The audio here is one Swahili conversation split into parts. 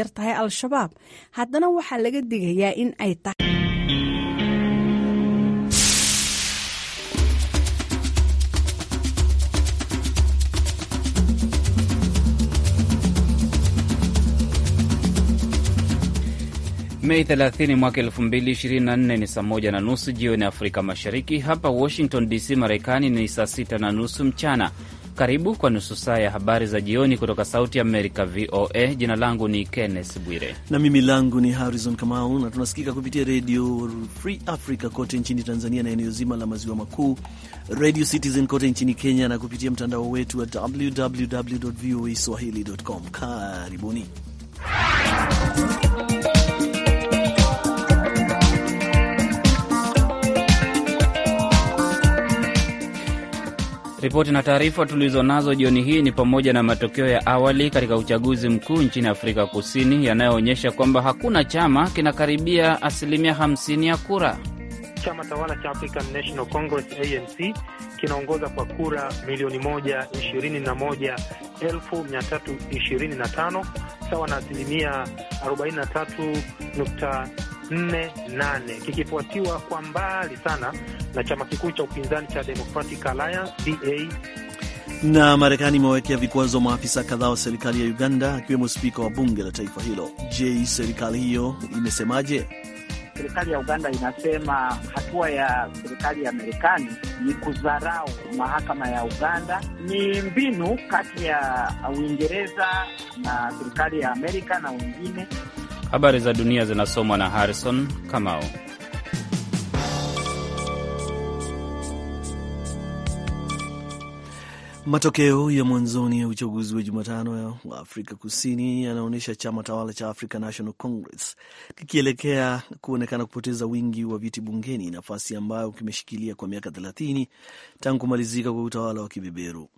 yartahay al-shabaab haddana waxaa laga digayaa in ay tahay Mei 30 mwaka 2024 ni saa moja na nusu jioni Afrika Mashariki. Hapa Washington DC, Marekani ni saa sita na nusu mchana. Karibu kwa nusu saa ya habari za jioni kutoka Sauti Amerika, VOA. Jina langu ni Kenneth Bwire na mimi langu ni Harrison Kamau, na tunasikika kupitia Redio Free Africa kote nchini Tanzania na eneo zima la maziwa makuu, Radio Citizen kote nchini Kenya na kupitia mtandao wetu wa www voa swahili.com. Karibuni Ripoti na taarifa tulizonazo jioni hii ni pamoja na matokeo ya awali katika uchaguzi mkuu nchini Afrika Kusini yanayoonyesha kwamba hakuna chama kinakaribia asilimia 50 ya kura. Chama tawala cha African National Congress ANC kinaongoza kwa kura milioni moja sawa na asilimia arobaini 48 kikifuatiwa kwa mbali sana na chama kikuu cha upinzani cha Democratic Alliance DA. Na Marekani imewawekea vikwazo maafisa kadhaa wa serikali ya Uganda, akiwemo spika wa bunge la taifa hilo. Je, serikali hiyo imesemaje? Serikali ya Uganda inasema hatua ya serikali ya Marekani ni kudharau mahakama ya Uganda. Ni mbinu kati ya Uingereza na serikali ya Amerika na wengine Habari za dunia zinasomwa na Harrison Kamau. Matokeo ya mwanzoni ya uchaguzi wa Jumatano wa Afrika Kusini yanaonyesha chama tawala cha African National Congress kikielekea kuonekana kupoteza wingi wa viti bungeni, nafasi ambayo kimeshikilia kwa miaka 30 tangu kumalizika kwa utawala wa kibeberu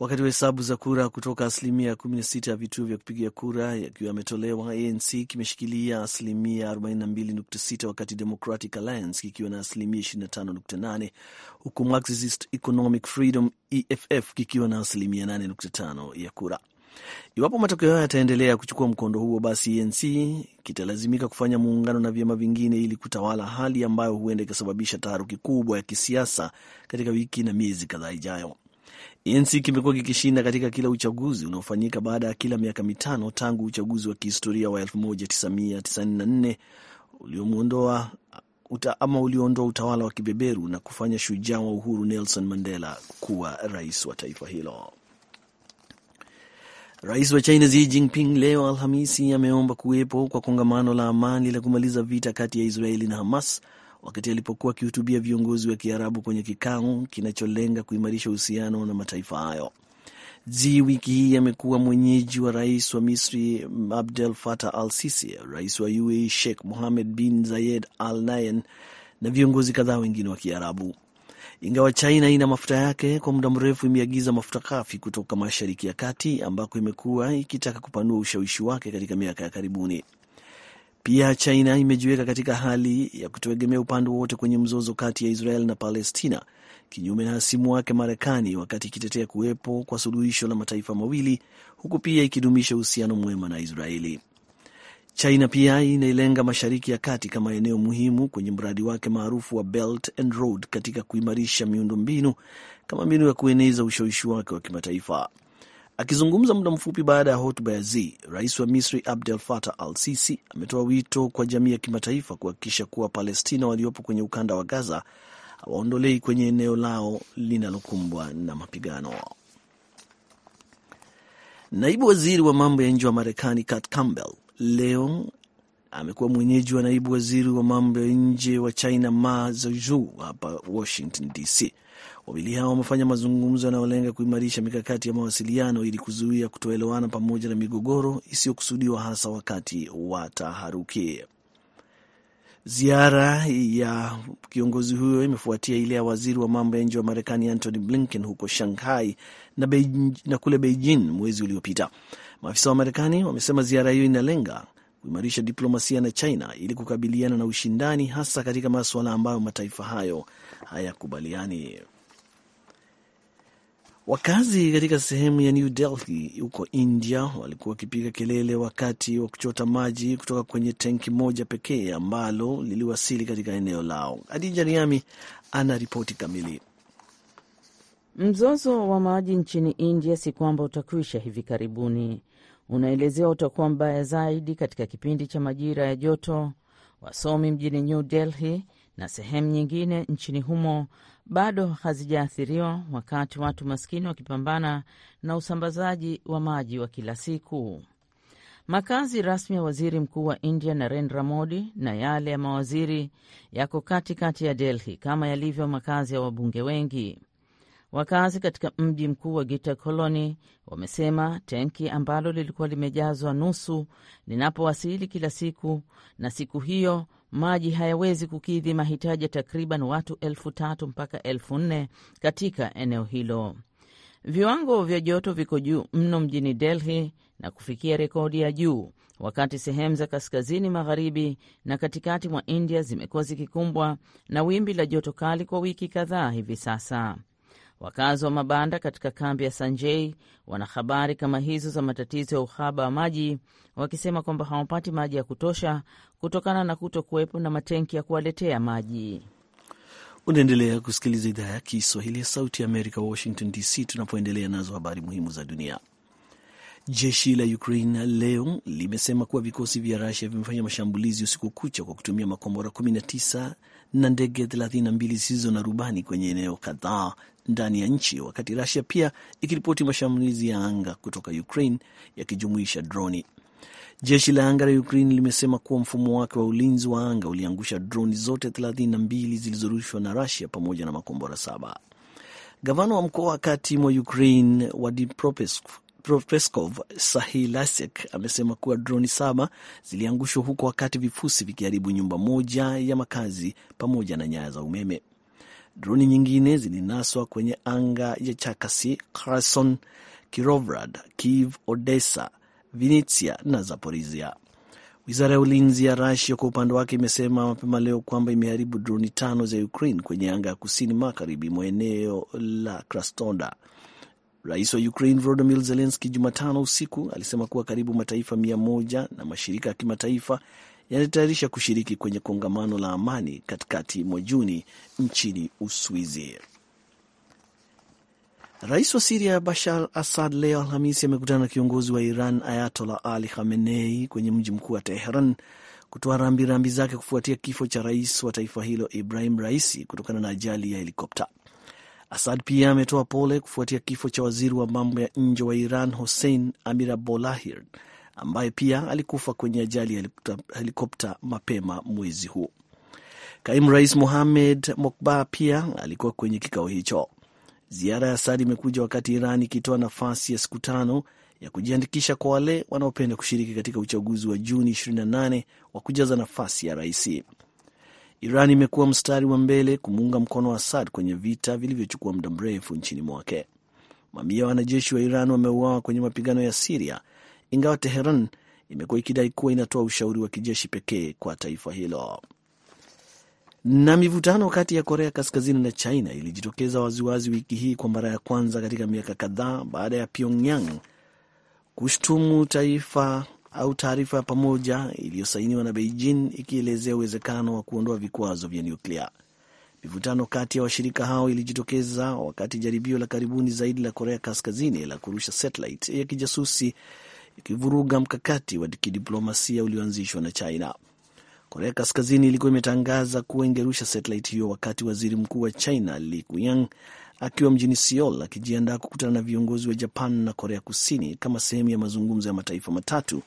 wakati wa hesabu za kura kutoka asilimia 16 ya vituo vya kupigia kura yakiwa yametolewa, ANC kimeshikilia asilimia 42.6 wakati Democratic Alliance kikiwa na asilimia 25.8 huku Marxist Economic Freedom EFF kikiwa na asilimia 8.5 ya kura. Iwapo matokeo hayo yataendelea kuchukua mkondo huo, basi ANC kitalazimika kufanya muungano na vyama vingine ili kutawala, hali ambayo huenda ikasababisha taharuki kubwa ya kisiasa katika wiki na miezi kadhaa ijayo. ANC kimekuwa kikishinda katika kila uchaguzi unaofanyika baada ya kila miaka mitano tangu uchaguzi wa kihistoria wa 1994 uliomwondoa uta, ama ulioondoa utawala wa kibeberu na kufanya shujaa wa uhuru Nelson Mandela kuwa rais wa taifa hilo. Rais wa China Xi Jinping leo Alhamisi ameomba kuwepo kwa kongamano la amani la kumaliza vita kati ya Israeli na Hamas wakati alipokuwa akihutubia viongozi wa Kiarabu kwenye kikao kinacholenga kuimarisha uhusiano na mataifa hayo. Zi wiki hii amekuwa mwenyeji wa rais wa Misri Abdel Fattah al Sisi, rais wa UAE Sheikh Mohammed bin Zayed al Nahyan na viongozi kadhaa wengine wa Kiarabu. Ingawa China ina mafuta yake, kwa muda mrefu imeagiza mafuta ghafi kutoka Mashariki ya Kati, ambako imekuwa ikitaka kupanua ushawishi wake katika miaka ya karibuni. Pia China imejiweka katika hali ya kutoegemea upande wowote kwenye mzozo kati ya Israel na Palestina, kinyume na hasimu wake Marekani, wakati ikitetea kuwepo kwa suluhisho la mataifa mawili, huku pia ikidumisha uhusiano mwema na Israeli. China pia inailenga Mashariki ya Kati kama eneo muhimu kwenye mradi wake maarufu wa Belt and Road katika kuimarisha miundo mbinu kama mbinu ya kueneza ushawishi wake wa kimataifa. Akizungumza muda mfupi baada ya hotuba ya Z, rais wa Misri Abdel Fattah al Sisi ametoa wito kwa jamii ya kimataifa kuhakikisha kuwa Palestina waliopo kwenye ukanda wa Gaza hawaondolei kwenye eneo lao linalokumbwa na mapigano. Naibu waziri wa mambo ya nje wa Marekani Kurt Campbell leo amekuwa mwenyeji wa naibu waziri wa mambo ya nje wa China Ma Zhejiu hapa Washington DC. Wawili hao wamefanya mazungumzo yanayolenga kuimarisha mikakati ya mawasiliano ili kuzuia kutoelewana pamoja na migogoro isiyokusudiwa hasa wakati wa taharuki. Ziara ya kiongozi huyo imefuatia ile ya waziri wa mambo ya nje wa Marekani Antony Blinken huko Shanghai na, na kule Beijing mwezi uliopita. Maafisa wa Marekani wamesema ziara hiyo inalenga kuimarisha diplomasia na China ili kukabiliana na ushindani, hasa katika masuala ambayo mataifa hayo hayakubaliani. Wakazi katika sehemu ya New Delhi huko India walikuwa wakipiga kelele wakati wa kuchota maji kutoka kwenye tenki moja pekee ambalo liliwasili katika eneo lao. Adija Riami ana ripoti kamili. Mzozo wa maji nchini India si kwamba utakwisha hivi karibuni, unaelezewa utakuwa mbaya zaidi katika kipindi cha majira ya joto. Wasomi mjini New Delhi na sehemu nyingine nchini humo bado hazijaathiriwa, wakati watu maskini wakipambana na usambazaji wa maji wa kila siku. Makazi rasmi ya waziri mkuu wa India Narendra Modi na yale ya mawaziri yako katikati ya Delhi kama yalivyo makazi ya wabunge wengi. Wakazi katika mji mkuu wa Gita Koloni wamesema tenki ambalo lilikuwa limejazwa nusu linapowasili kila siku, na siku hiyo maji hayawezi kukidhi mahitaji ya takriban watu elfu tatu mpaka elfu nne katika eneo hilo. Viwango vya joto viko juu mno mjini Delhi na kufikia rekodi ya juu, wakati sehemu za kaskazini magharibi na katikati mwa India zimekuwa zikikumbwa na wimbi la joto kali kwa wiki kadhaa hivi sasa. Wakazi wa mabanda katika kambi ya Sanjei wana habari kama hizo za matatizo ya uhaba wa maji, wakisema kwamba hawapati maji ya kutosha kutokana na kuto kuwepo na matenki ya kuwaletea maji. Unaendelea kusikiliza idhaa ya Kiswahili ya Sauti ya Amerika, Washington DC, tunapoendelea nazo habari muhimu za dunia. Jeshi la Ukraine leo limesema kuwa vikosi vya Rusia vimefanya mashambulizi usiku kucha kwa kutumia makombora 19 na ndege 32 zisizo na rubani kwenye eneo kadhaa ndani ya nchi, wakati Rusia pia ikiripoti mashambulizi ya anga kutoka Ukraine yakijumuisha droni. Jeshi la anga la Ukraine limesema kuwa mfumo wake wa ulinzi wa anga uliangusha droni zote 32 zilizorushwa na Rusia pamoja na makombora saba. Gavana wa mkoa wa kati mwa Ukraine wa Dnipropetrovsk Peskov Sahilasek amesema kuwa droni saba ziliangushwa huko wakati vifusi vikiharibu nyumba moja ya makazi pamoja na nyaya za umeme. Droni nyingine zilinaswa kwenye anga ya Chakasi, Kherson, Kirovrad, Kiev, Odessa, Vinitsia na Zaporizhia. Wizara ya ulinzi ya Rasia kwa upande wake imesema mapema leo kwamba imeharibu droni tano za Ukraine kwenye anga ya kusini magharibi mwa eneo la Krasnodar Rais wa Ukraine Volodymyr Zelensky Jumatano usiku alisema kuwa karibu mataifa mia moja na mashirika ya kimataifa yanatayarisha kushiriki kwenye kongamano la amani katikati mwa Juni nchini Uswizi. Rais wa Siria Bashar Assad leo Alhamisi amekutana na kiongozi wa Iran Ayatollah Ali Khamenei kwenye mji mkuu wa Teheran kutoa rambirambi zake kufuatia kifo cha rais wa taifa hilo Ibrahim Raisi kutokana na ajali ya helikopta. Assad pia ametoa pole kufuatia kifo cha waziri wa mambo ya nje wa Iran Hossein Amir Abdollahian ambaye pia alikufa kwenye ajali ya helikopta mapema mwezi huu. Kaimu rais Mohamed Mokba pia alikuwa kwenye kikao hicho. Ziara ya asad imekuja wakati Iran ikitoa nafasi ya siku tano ya kujiandikisha kwa wale wanaopenda kushiriki katika uchaguzi wa Juni 28 wa kujaza nafasi ya raisi. Iran imekuwa mstari wa mbele kumuunga mkono Assad kwenye vita vilivyochukua muda mrefu nchini mwake. Mamia wanajeshi wa Iran wameuawa kwenye mapigano ya Siria, ingawa Teheran imekuwa ikidai kuwa inatoa ushauri wa kijeshi pekee kwa taifa hilo. Na mivutano kati ya Korea Kaskazini na China ilijitokeza waziwazi wiki hii kwa mara ya kwanza katika miaka kadhaa baada ya Pyongyang kushtumu taifa au taarifa ya pamoja iliyosainiwa na Beijing ikielezea uwezekano wa kuondoa vikwazo vya nyuklia. Mivutano kati ya washirika hao ilijitokeza wakati jaribio la karibuni zaidi la Korea Kaskazini la kurusha satellite ya kijasusi ikivuruga mkakati wa kidiplomasia ulioanzishwa na China. Korea Kaskazini ilikuwa imetangaza kuwa ingerusha satellite hiyo wakati waziri mkuu wa China Li Kuyang akiwa mjini Seoul akijiandaa kukutana na viongozi wa Japan na Korea Kusini kama sehemu ya mazungumzo ya mataifa matatu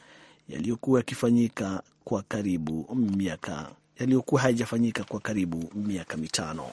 yaliyokuwa yakifanyika kwa karibu miaka yaliyokuwa hayajafanyika kwa karibu miaka mitano.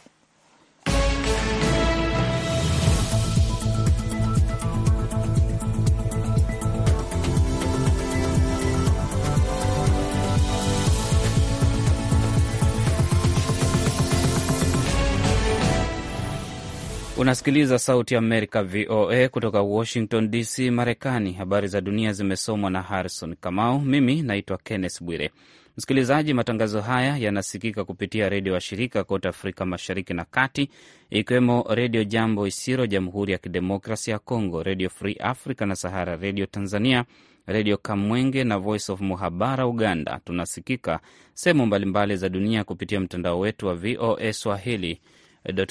Unasikiliza Sauti ya Amerika, VOA, kutoka Washington DC, Marekani. Habari za dunia zimesomwa na Harrison Kamau. Mimi naitwa Kenneth Bwire. Msikilizaji, matangazo haya yanasikika kupitia redio wa shirika kote Afrika Mashariki na Kati, ikiwemo Redio Jambo Isiro, Jamhuri ya kidemokrasi ya Kongo, Redio Free Africa na Sahara Redio Tanzania, Redio Kamwenge na Voice of Muhabara Uganda. Tunasikika sehemu mbalimbali za dunia kupitia mtandao wetu wa VOA Swahili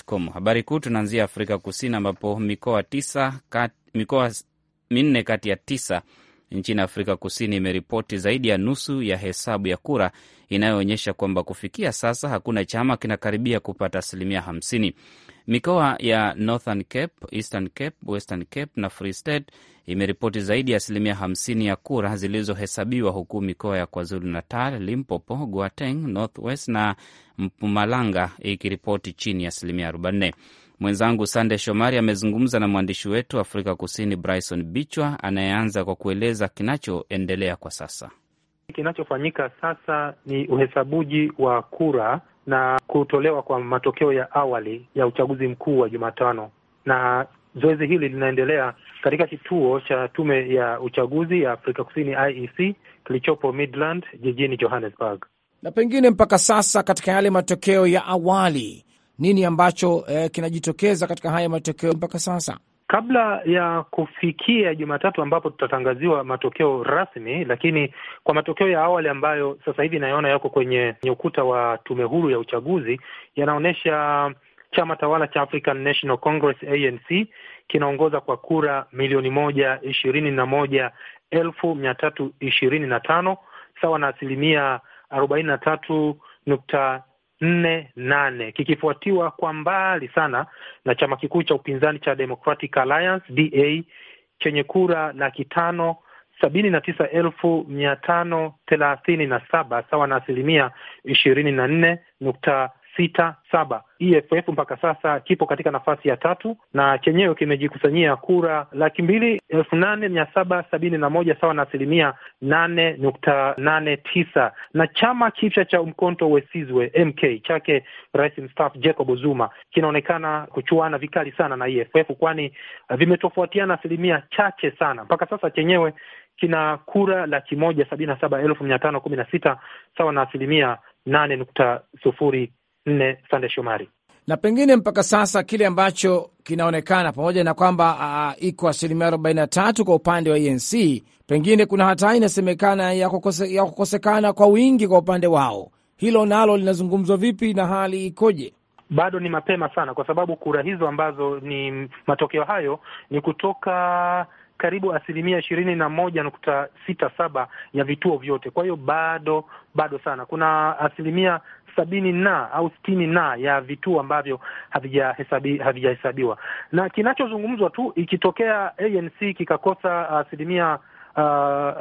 com. Habari kuu tunaanzia Afrika Kusini ambapo mikoa tisa kat, mikoa minne kati ya tisa nchini Afrika Kusini imeripoti zaidi ya nusu ya hesabu ya kura inayoonyesha kwamba kufikia sasa hakuna chama kinakaribia kupata asilimia 50. Mikoa ya Northern Cape, Eastern Cape, Western Cape na Free State imeripoti zaidi ya asilimia 50 ya kura zilizohesabiwa, huku mikoa ya KwaZulu Natal, Limpopo, Gauteng, North West na Mpumalanga ikiripoti chini ya asilimia 40. Mwenzangu Sande Shomari amezungumza na mwandishi wetu Afrika Kusini, Bryson Bichwa, anayeanza kwa kueleza kinachoendelea kwa sasa. Kinachofanyika sasa ni uhesabuji wa kura na kutolewa kwa matokeo ya awali ya uchaguzi mkuu wa Jumatano, na zoezi hili linaendelea katika kituo cha tume ya uchaguzi ya Afrika Kusini IEC kilichopo Midland jijini Johannesburg. Na pengine mpaka sasa katika yale matokeo ya awali nini ambacho eh, kinajitokeza katika haya matokeo mpaka sasa? kabla ya kufikia Jumatatu ambapo tutatangaziwa matokeo rasmi, lakini kwa matokeo ya awali ambayo sasa hivi nayaona yako kwenye ukuta wa tume huru ya uchaguzi yanaonyesha chama tawala cha African National Congress ANC kinaongoza kwa kura milioni moja ishirini na moja elfu mia tatu ishirini na tano sawa na asilimia arobaini na tatu nukta nne nane kikifuatiwa kwa mbali sana na chama kikuu cha upinzani cha Democratic Alliance DA chenye kura laki tano sabini na tisa elfu mia tano thelathini na saba sawa na asilimia ishirini na nne nukta sita saba. EFF mpaka sasa kipo katika nafasi ya tatu na chenyewe kimejikusanyia kura laki mbili elfu nane mia saba sabini na moja sawa na asilimia nane nukta nane tisa na chama kipya cha Umkonto Wesizwe MK chake rais mstaafu Jacob Zuma kinaonekana kuchuana vikali sana na EFF, kwani vimetofautiana asilimia chache sana. Mpaka sasa chenyewe kina kura laki moja sabini na saba elfu mia tano kumi na sita sawa na asilimia nane nukta sufuri nne. Sande Shomari. Na pengine mpaka sasa kile ambacho kinaonekana pamoja na kwamba uh, iko asilimia arobaini na tatu kwa upande wa ANC, e pengine kuna hatari inasemekana ya kukosekana kwa wingi kwa upande wao. Hilo nalo linazungumzwa vipi na hali ikoje? Bado ni mapema sana, kwa sababu kura hizo ambazo ni matokeo hayo ni kutoka karibu asilimia ishirini na moja nukta sita saba ya vituo vyote. Kwa hiyo bado bado sana, kuna asilimia sabini na au sitini na ya vituo ambavyo havijahesabiwa, na kinachozungumzwa tu ikitokea ANC kikakosa asilimia uh,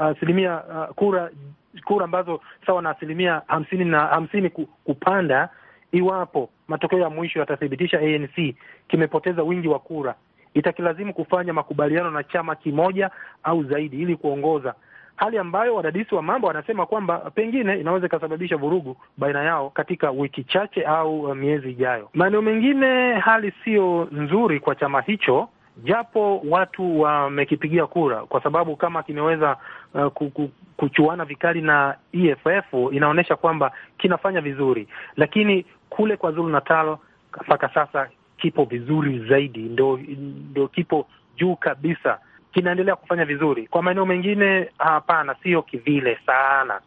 asilimia uh, uh, kura kura ambazo sawa na asilimia hamsini na hamsini kupanda, iwapo matokeo ya mwisho yatathibitisha ANC kimepoteza wingi wa kura, itakilazimu kufanya makubaliano na chama kimoja au zaidi ili kuongoza hali ambayo wadadisi wa mambo wanasema kwamba pengine inaweza ikasababisha vurugu baina yao katika wiki chache au uh, miezi ijayo. Maeneo mengine hali siyo nzuri kwa chama hicho, japo watu wamekipigia kura, kwa sababu kama kimeweza uh, kuchuana vikali na EFF inaonyesha kwamba kinafanya vizuri, lakini kule kwa Zulu Natal mpaka sasa kipo vizuri zaidi, ndo, ndo kipo juu kabisa kinaendelea kufanya vizuri. Kwa maeneo mengine hapana, sio kivile sana.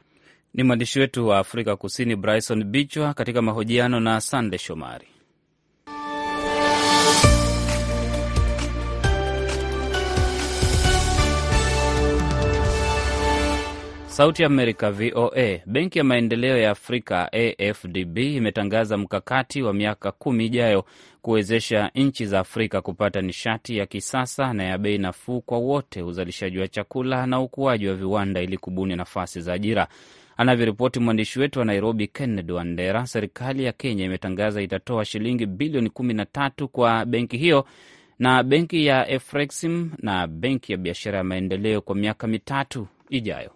Ni mwandishi wetu wa Afrika Kusini Bryson Bichwa katika mahojiano na Sande Shomari. Sauti ya Amerika, VOA. Benki ya Maendeleo ya Afrika, AFDB, imetangaza mkakati wa miaka kumi ijayo kuwezesha nchi za Afrika kupata nishati ya kisasa na ya bei nafuu kwa wote, uzalishaji wa chakula na ukuaji wa viwanda ili kubuni nafasi za ajira. Anavyoripoti mwandishi wetu wa Nairobi, Kennedy Wandera, serikali ya Kenya imetangaza itatoa shilingi bilioni kumi tatu kwa benki hiyo na benki ya Efrexim na benki ya biashara ya maendeleo kwa miaka mitatu ijayo.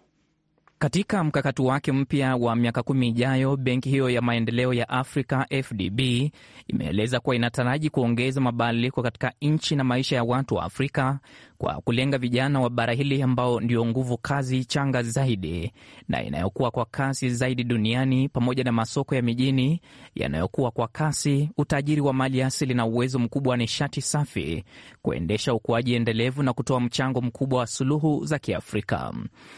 Katika mkakati wake mpya wa miaka kumi ijayo, benki hiyo ya maendeleo ya Afrika FDB imeeleza kuwa inataraji kuongeza mabadiliko katika nchi na maisha ya watu wa Afrika kwa kulenga vijana wa bara hili ambao ndio nguvu kazi changa zaidi na inayokuwa kwa kasi zaidi duniani pamoja na masoko ya mijini yanayokuwa kwa kasi, utajiri wa mali asili na uwezo mkubwa wa nishati safi kuendesha ukuaji endelevu na kutoa mchango mkubwa wa suluhu za Kiafrika.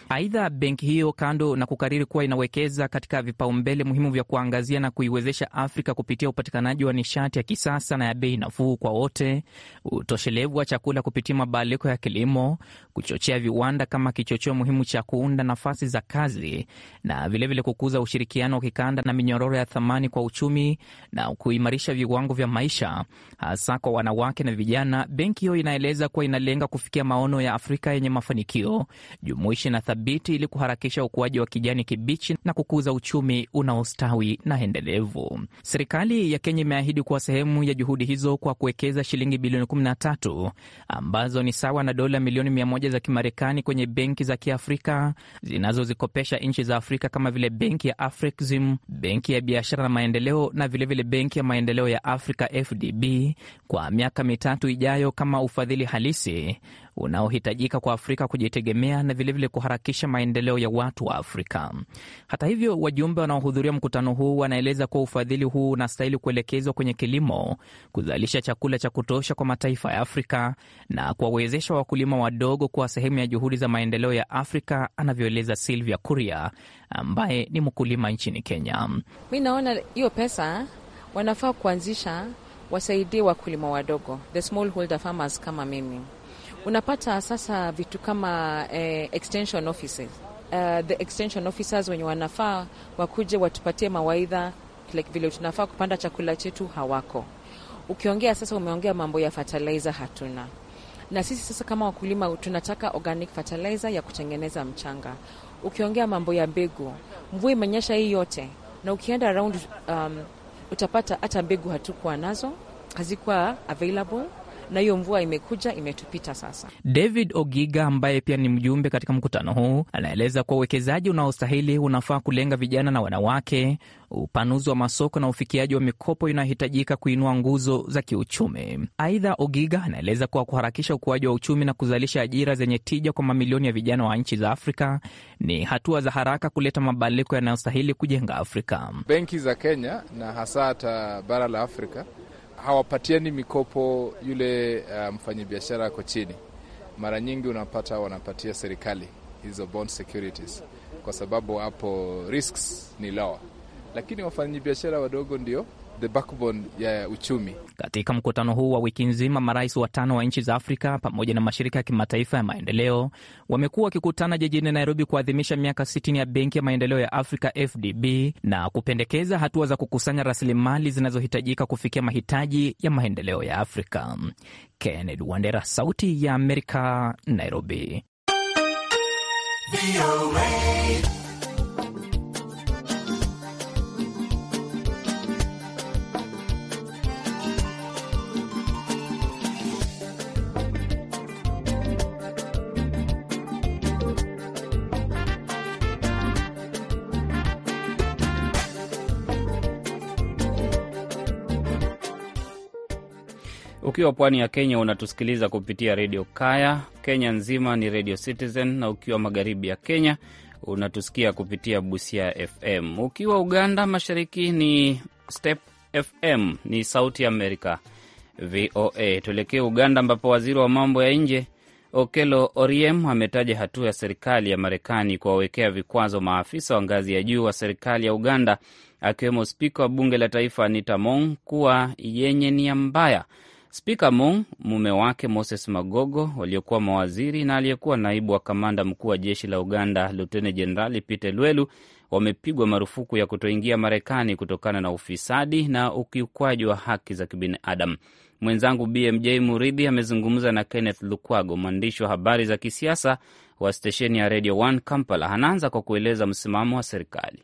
Aidha, benki hiyo kando na kukariri kuwa inawekeza katika vipaumbele muhimu vya kuangazia na kuiwezesha Afrika kupitia upatikanaji wa nishati ya kisasa na ya bei nafuu kwa wote, utoshelevu wa chakula kupitia mabadiliko ya kilimo, kuchochea viwanda kama kichocheo muhimu cha kuunda nafasi za kazi na vilevile vile kukuza ushirikiano wa kikanda na minyororo ya thamani kwa uchumi na kuimarisha viwango vya maisha hasa kwa wanawake na vijana. Benki hiyo inaeleza kuwa inalenga kufikia maono ya Afrika yenye mafanikio jumuishi na thabiti ili kuharakisha ukuaji wa kijani kibichi na kukuza uchumi unaostawi na endelevu. Serikali ya Kenya imeahidi kuwa sehemu ya juhudi hizo kwa kuwekeza shilingi bilioni 13 ambazo ni sawa na dola milioni mia moja za Kimarekani kwenye benki za Kiafrika zinazozikopesha nchi za Afrika kama vile benki ya Afrikzim, benki ya biashara na maendeleo na vilevile vile benki ya maendeleo ya Afrika FDB kwa miaka mitatu ijayo kama ufadhili halisi, unaohitajika kwa Afrika kujitegemea na vilevile vile kuharakisha maendeleo ya watu wa Afrika. Hata hivyo, wajumbe wanaohudhuria mkutano huu wanaeleza kuwa ufadhili huu unastahili kuelekezwa kwenye kilimo, kuzalisha chakula cha kutosha kwa mataifa ya Afrika na kuwawezesha wakulima wadogo kuwa sehemu ya juhudi za maendeleo ya Afrika, anavyoeleza Silvia Kuria ambaye ni mkulima nchini Kenya. Mi naona hiyo pesa wanafaa kuanzisha, wasaidie wakulima wadogo, the farmers kama mimi Unapata sasa vitu kama eh, extension offices uh, the extension officers wenye wanafaa wakuje watupatie mawaidha like vile tunafaa kupanda chakula chetu hawako. Ukiongea sasa, umeongea mambo ya fertilizer hatuna na sisi sasa kama wakulima tunataka organic fertilizer ya kutengeneza mchanga. Ukiongea mambo ya mbegu, mvua imenyesha hii yote, na ukienda around um, utapata hata mbegu hatukuwa nazo, hazikuwa available na hiyo mvua imekuja imetupita sasa. David Ogiga ambaye pia ni mjumbe katika mkutano huu anaeleza kuwa uwekezaji unaostahili unafaa kulenga vijana na wanawake. Upanuzi wa masoko na ufikiaji wa mikopo inayohitajika kuinua nguzo za kiuchumi. Aidha, Ogiga anaeleza kuwa kuharakisha ukuaji wa uchumi na kuzalisha ajira zenye tija kwa mamilioni ya vijana wa nchi za Afrika ni hatua za haraka kuleta mabadiliko yanayostahili kujenga Afrika. Benki za Kenya na hasa hata bara la Afrika hawapatiani mikopo yule uh, mfanyabiashara ako chini. Mara nyingi unapata wanapatia serikali hizo bond securities, kwa sababu hapo risks ni lower, lakini wafanyabiashara wadogo ndio the backbone ya uchumi. Katika mkutano huu wa wiki nzima, marais watano wa nchi za Afrika pamoja na mashirika ya kimataifa ya maendeleo wamekuwa wakikutana jijini Nairobi kuadhimisha miaka 60 ya Benki ya Maendeleo ya Afrika FDB na kupendekeza hatua za kukusanya rasilimali zinazohitajika kufikia mahitaji ya maendeleo ya Afrika. Kenneth Wandera, Sauti ya Amerika, Nairobi. Ukiwa pwani ya Kenya unatusikiliza kupitia redio Kaya, Kenya nzima ni redio Citizen, na ukiwa magharibi ya Kenya unatusikia kupitia Busia FM. Ukiwa Uganda mashariki ni Step FM, ni Sauti America VOA. Tuelekee Uganda ambapo waziri wa mambo ya nje Okello Oryem ametaja hatua ya serikali ya Marekani kuwawekea vikwazo maafisa wa ngazi ya juu wa serikali ya Uganda akiwemo spika wa bunge la taifa Anita Mong kuwa yenye nia mbaya. Spika Mung, mume wake Moses Magogo, waliokuwa mawaziri na aliyekuwa naibu wa kamanda mkuu wa jeshi la Uganda Luteni Jenerali Peter Lwelu wamepigwa marufuku ya kutoingia Marekani kutokana na ufisadi na ukiukwaji wa haki za kibinadamu. Mwenzangu BMJ Muridhi amezungumza na Kenneth Lukwago, mwandishi wa habari za kisiasa wa stesheni ya Radio One Kampala. Anaanza kwa kueleza msimamo wa serikali.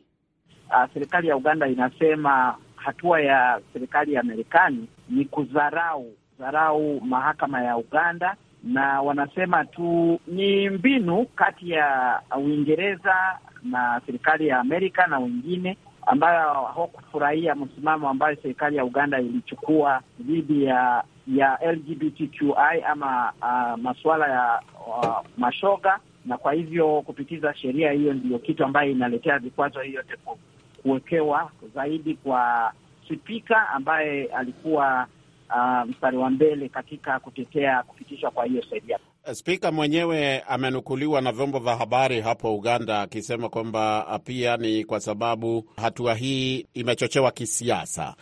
Uh, serikali ya Uganda inasema hatua ya serikali ya Marekani ni kudharau wanadharau mahakama ya Uganda na wanasema tu ni mbinu kati ya Uingereza na serikali ya Amerika na wengine ambayo hawakufurahia msimamo ambayo serikali ya Uganda ilichukua dhidi ya ya LGBTQI ama uh, masuala ya uh, mashoga, na kwa hivyo kupitiza sheria hiyo ndiyo kitu ambayo inaletea vikwazo hiyo yote kuwekewa zaidi kwa spika ambaye alikuwa uh, mstari wa mbele katika kutetea kupitishwa kwa hiyo sheria. Eh, spika mwenyewe amenukuliwa na vyombo vya habari hapo Uganda akisema kwamba ah, pia ni kwa sababu hatua hii imechochewa kisiasa.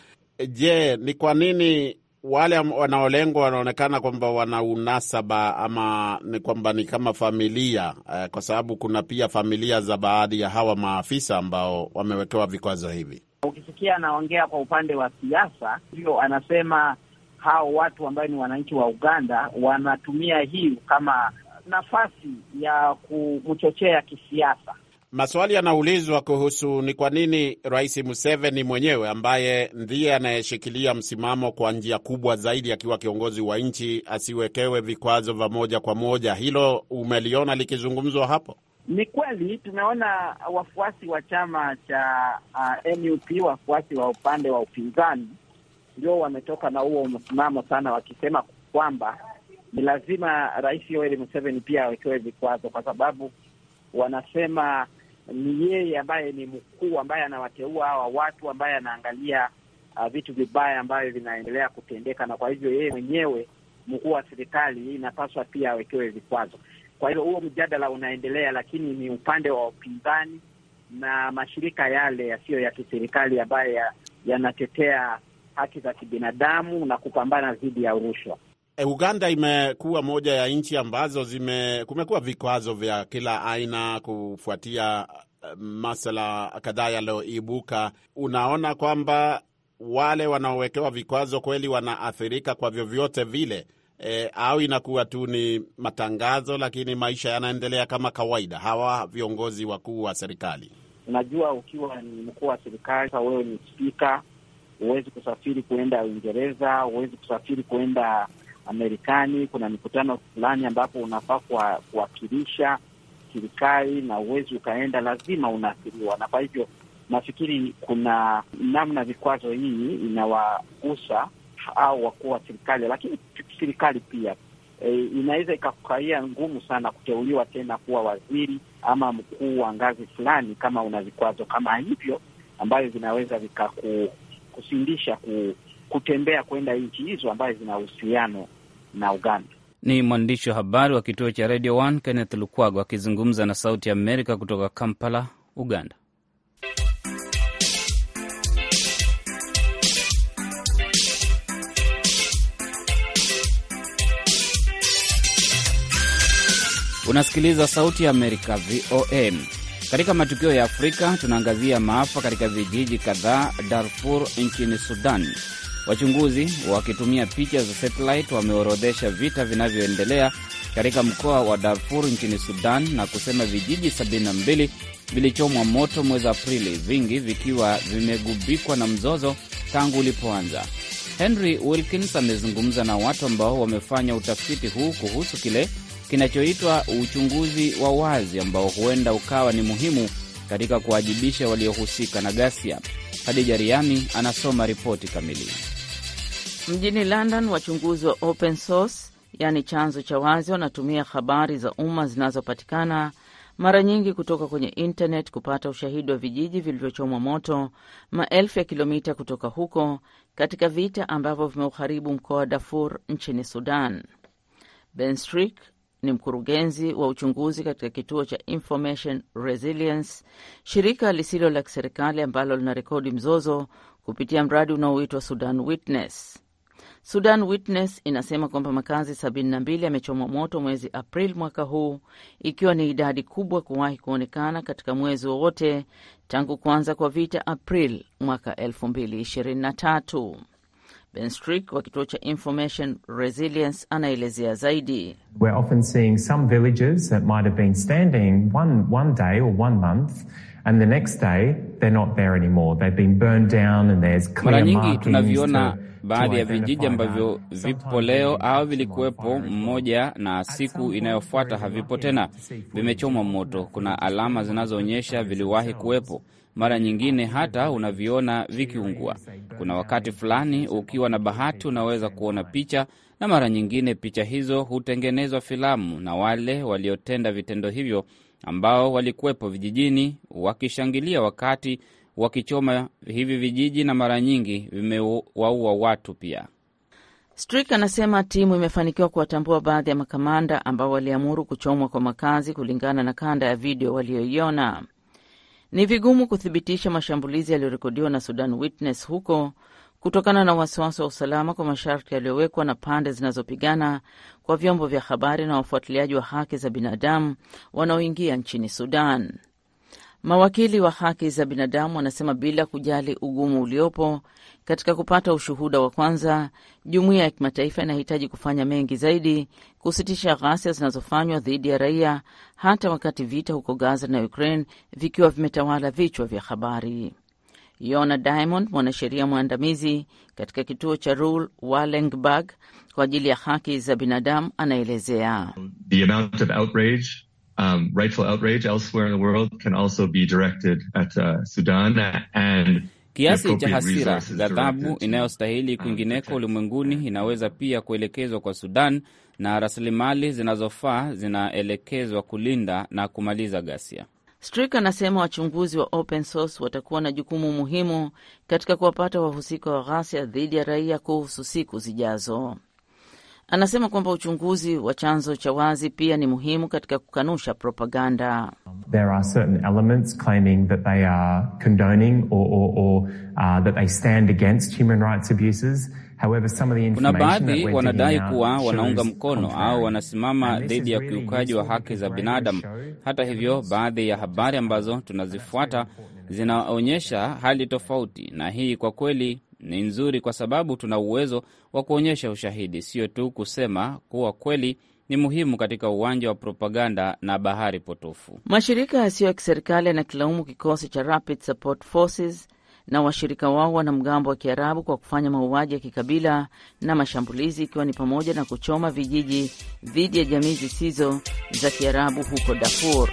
Je, ni kwa nini wale wanaolengwa wanaonekana kwamba wana unasaba ama ni kwamba ni kama familia eh? Kwa sababu kuna pia familia za baadhi ya hawa maafisa ambao wamewekewa vikwazo hivi. Ukisikia anaongea kwa upande wa siasa, hiyo anasema hao watu ambao ni wananchi wa Uganda wanatumia hii kama nafasi ya kumchochea kisiasa. Maswali yanaulizwa kuhusu ni kwa nini Rais Museveni mwenyewe ambaye ndiye anayeshikilia msimamo kwa njia kubwa zaidi akiwa kiongozi wa nchi asiwekewe vikwazo vya moja kwa moja. Hilo umeliona likizungumzwa hapo? Ni kweli, tumeona wafuasi wa chama cha uh, NUP, wafuasi wa upande wa upinzani ndio wametoka na huo msimamo sana, wakisema kwamba ni lazima Rais Yoweri Museveni pia awekewe vikwazo, kwa sababu wanasema ni yeye ambaye ni mkuu ambaye anawateua hawa watu, ambaye anaangalia uh, vitu vibaya ambavyo vinaendelea kutendeka, na kwa hivyo yeye mwenyewe mkuu wa serikali inapaswa pia awekewe vikwazo. Kwa hivyo huo mjadala unaendelea, lakini ni upande wa upinzani na mashirika yale yasiyo ya kiserikali ambayo yanatetea haki za kibinadamu na kupambana dhidi ya rushwa. E, Uganda imekuwa moja ya nchi ambazo zime kumekuwa vikwazo vya kila aina kufuatia eh, masala kadhaa yaliyoibuka. Unaona kwamba wale wanaowekewa vikwazo kweli wanaathirika kwa vyovyote vile, e, au inakuwa tu ni matangazo, lakini maisha yanaendelea kama kawaida, hawa viongozi wakuu wa serikali? Unajua, ukiwa ni mkuu wa serikali, wewe ni spika huwezi kusafiri kuenda Uingereza, huwezi kusafiri kuenda Amerikani. Kuna mikutano fulani ambapo unafaa kuwakilisha serikali na huwezi ukaenda, lazima unaathiriwa. Na kwa hivyo nafikiri kuna namna vikwazo hii inawagusa au wakuu wa serikali, lakini serikali pia e, inaweza ikakukaia ngumu sana kuteuliwa tena kuwa waziri ama mkuu wa ngazi fulani kama una vikwazo kama hivyo ambavyo vinaweza vikaku kusindisha ku, kutembea kwenda nchi hizo ambazo zina uhusiano na Uganda. Ni mwandishi wa habari wa kituo cha Radio 1 Kenneth Lukwago akizungumza na Sauti ya Amerika kutoka Kampala, Uganda. Unasikiliza Sauti ya Amerika, vom katika matukio ya Afrika tunaangazia maafa katika vijiji kadhaa Darfur nchini Sudan. Wachunguzi wakitumia picha za satellite wameorodhesha vita vinavyoendelea katika mkoa wa Darfur nchini Sudan na kusema vijiji 72 vilichomwa moto mwezi Aprili, vingi vikiwa vimegubikwa na mzozo tangu ulipoanza. Henry Wilkins amezungumza na watu ambao wamefanya utafiti huu kuhusu kile kinachoitwa uchunguzi wa wazi ambao huenda ukawa ni muhimu katika kuwajibisha waliohusika na ghasia. Hadija Riami anasoma ripoti kamili. Mjini London, wachunguzi wa open source, yaani chanzo cha wazi, wanatumia habari za umma zinazopatikana mara nyingi kutoka kwenye internet kupata ushahidi wa vijiji vilivyochomwa moto maelfu ya kilomita kutoka huko katika vita ambavyo vimeuharibu mkoa wa Darfur nchini Sudan. Ben Strick ni mkurugenzi wa uchunguzi katika kituo cha Information Resilience, shirika lisilo la kiserikali ambalo lina rekodi mzozo kupitia mradi unaoitwa Sudan Witness. Sudan Witness inasema kwamba makazi 72 yamechomwa moto mwezi Aprili mwaka huu, ikiwa ni idadi kubwa kuwahi kuonekana katika mwezi wowote tangu kuanza kwa vita Aprili mwaka 2023. Benstrik wa kituo cha Information Resilience anaelezea zaidi. we're often seeing some villages that might have been been standing one one day day or month and and the next they're not there anymore they've burned down Mara nyingi tunaviona baadhi ya vijiji ambavyo vipo leo au vilikuwepo mmoja na siku inayofuata havipo tena, vimechomwa moto. Kuna alama zinazoonyesha viliwahi kuwepo, mara nyingine hata unaviona vikiungua. Kuna wakati fulani, ukiwa na bahati, unaweza kuona picha, na mara nyingine picha hizo hutengenezwa filamu na wale waliotenda vitendo hivyo ambao walikuwepo vijijini wakishangilia wakati wakichoma hivi vijiji na mara nyingi vimewaua watu pia. Strik anasema timu imefanikiwa kuwatambua baadhi ya makamanda ambao waliamuru kuchomwa kwa makazi kulingana na kanda ya video waliyoiona Ni vigumu kuthibitisha mashambulizi yaliyorekodiwa na Sudan Witness huko kutokana na wasiwasi wa usalama kwa masharti yaliyowekwa na pande zinazopigana kwa vyombo vya habari na wafuatiliaji wa haki za binadamu wanaoingia nchini Sudan. Mawakili wa haki za binadamu wanasema bila kujali ugumu uliopo katika kupata ushuhuda wa kwanza, jumuiya ya kimataifa inahitaji kufanya mengi zaidi kusitisha ghasia zinazofanywa dhidi ya raia, hata wakati vita huko Gaza na Ukraine vikiwa vimetawala vichwa vya habari. Yona Diamond, mwanasheria mwandamizi katika kituo cha Ruhl Wallenberg kwa ajili ya haki za binadamu, anaelezea The Um, rightful outrage elsewhere in the world can also be directed at uh, Sudan and Kiasi cha hasira, ghadhabu uh, inayostahili kwingineko ulimwenguni inaweza pia kuelekezwa kwa Sudan na rasilimali zinazofaa zinaelekezwa kulinda na kumaliza ghasia. Strik anasema wachunguzi wa open source watakuwa na jukumu muhimu katika kuwapata wahusika wa ghasia dhidi ya raia kuhusu siku zijazo. Anasema kwamba uchunguzi wa chanzo cha wazi pia ni muhimu katika kukanusha propaganda. There are certain elements claiming that they are condoning or, or, or, uh, that they stand against human rights abuses. However, some of the information kuna baadhi wanadai kuwa wanaunga mkono au wanasimama dhidi ya ukiukaji wa haki za binadamu. Hata hivyo, baadhi ya habari ambazo tunazifuata zinaonyesha hali tofauti, na hii kwa kweli ni nzuri kwa sababu tuna uwezo wa kuonyesha ushahidi, sio tu kusema kuwa kweli ni muhimu katika uwanja wa propaganda na bahari potofu. Mashirika yasiyo ya kiserikali yanakilaumu kikosi cha Rapid Support Forces na washirika wao wanamgambo wa Kiarabu kwa kufanya mauaji ya kikabila na mashambulizi, ikiwa ni pamoja na kuchoma vijiji dhidi ya jamii zisizo za Kiarabu huko Darfur.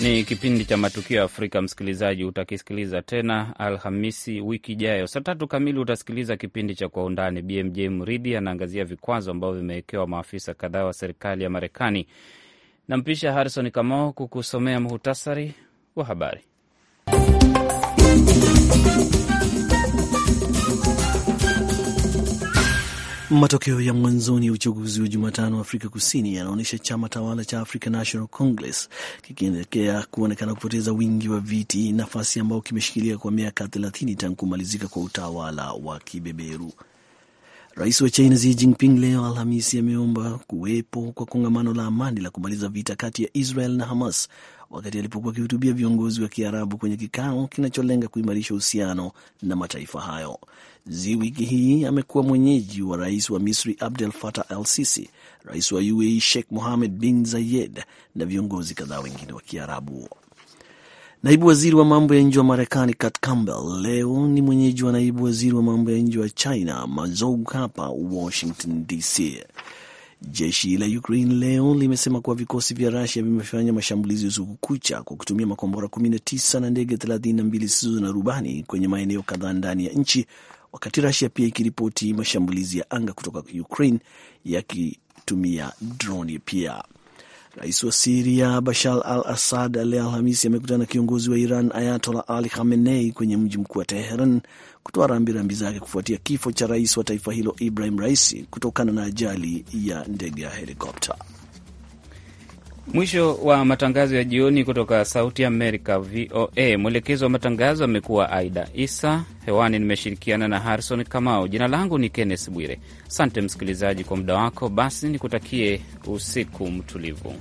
Ni kipindi cha Matukio ya Afrika. Msikilizaji, utakisikiliza tena Alhamisi wiki ijayo saa tatu kamili. Utasikiliza kipindi cha Kwa Undani. BMJ Mridhi anaangazia vikwazo ambavyo vimewekewa maafisa kadhaa wa serikali ya Marekani. Nampisha Harrison Kamau kukusomea muhtasari wa habari. Matokeo ya mwanzoni ya uchaguzi wa Jumatano Afrika Kusini yanaonyesha chama tawala cha African National Congress kikielekea kuonekana kupoteza wingi wa viti, nafasi ambayo kimeshikilia kwa miaka 30 tangu kumalizika kwa utawala wa kibeberu. Rais wa China Xi Jinping leo Alhamisi ameomba kuwepo kwa kongamano la amani la kumaliza vita kati ya Israel na Hamas wakati alipokuwa akihutubia viongozi wa Kiarabu kwenye kikao kinacholenga kuimarisha uhusiano na mataifa hayo. Zi wiki hii amekuwa mwenyeji wa rais wa Misri Abdel Fattah Al Sisi, rais wa UAE Sheikh Mohammed bin Zayed na viongozi kadhaa wengine wa Kiarabu. Naibu waziri wa mambo ya nje wa Marekani Kurt Campbell leo ni mwenyeji wa naibu waziri wa mambo ya nje wa China Mazou hapa Washington DC. Jeshi la Ukraine leo limesema kuwa vikosi vya Rusia vimefanya mashambulizi usiku kucha kwa kutumia makombora 19 na ndege 32 zisizo na rubani kwenye maeneo kadhaa ndani ya nchi, wakati Rusia pia ikiripoti mashambulizi ya anga kutoka Ukraine yakitumia droni pia. Rais wa Siria Bashar al Assad leo Alhamisi amekutana na kiongozi wa Iran Ayatola Ali Khamenei kwenye mji mkuu wa Teheran kutoa rambirambi zake kufuatia kifo cha rais wa taifa hilo Ibrahim Raisi kutokana na ajali ya ndege ya helikopta. Mwisho wa matangazo ya jioni kutoka Sauti Amerika, VOA. Mwelekezi wa matangazo amekuwa Aida Isa. Hewani nimeshirikiana na Harrison Kamau. Jina langu ni Kenneth Bwire. Asante msikilizaji kwa muda wako. Basi nikutakie usiku mtulivu.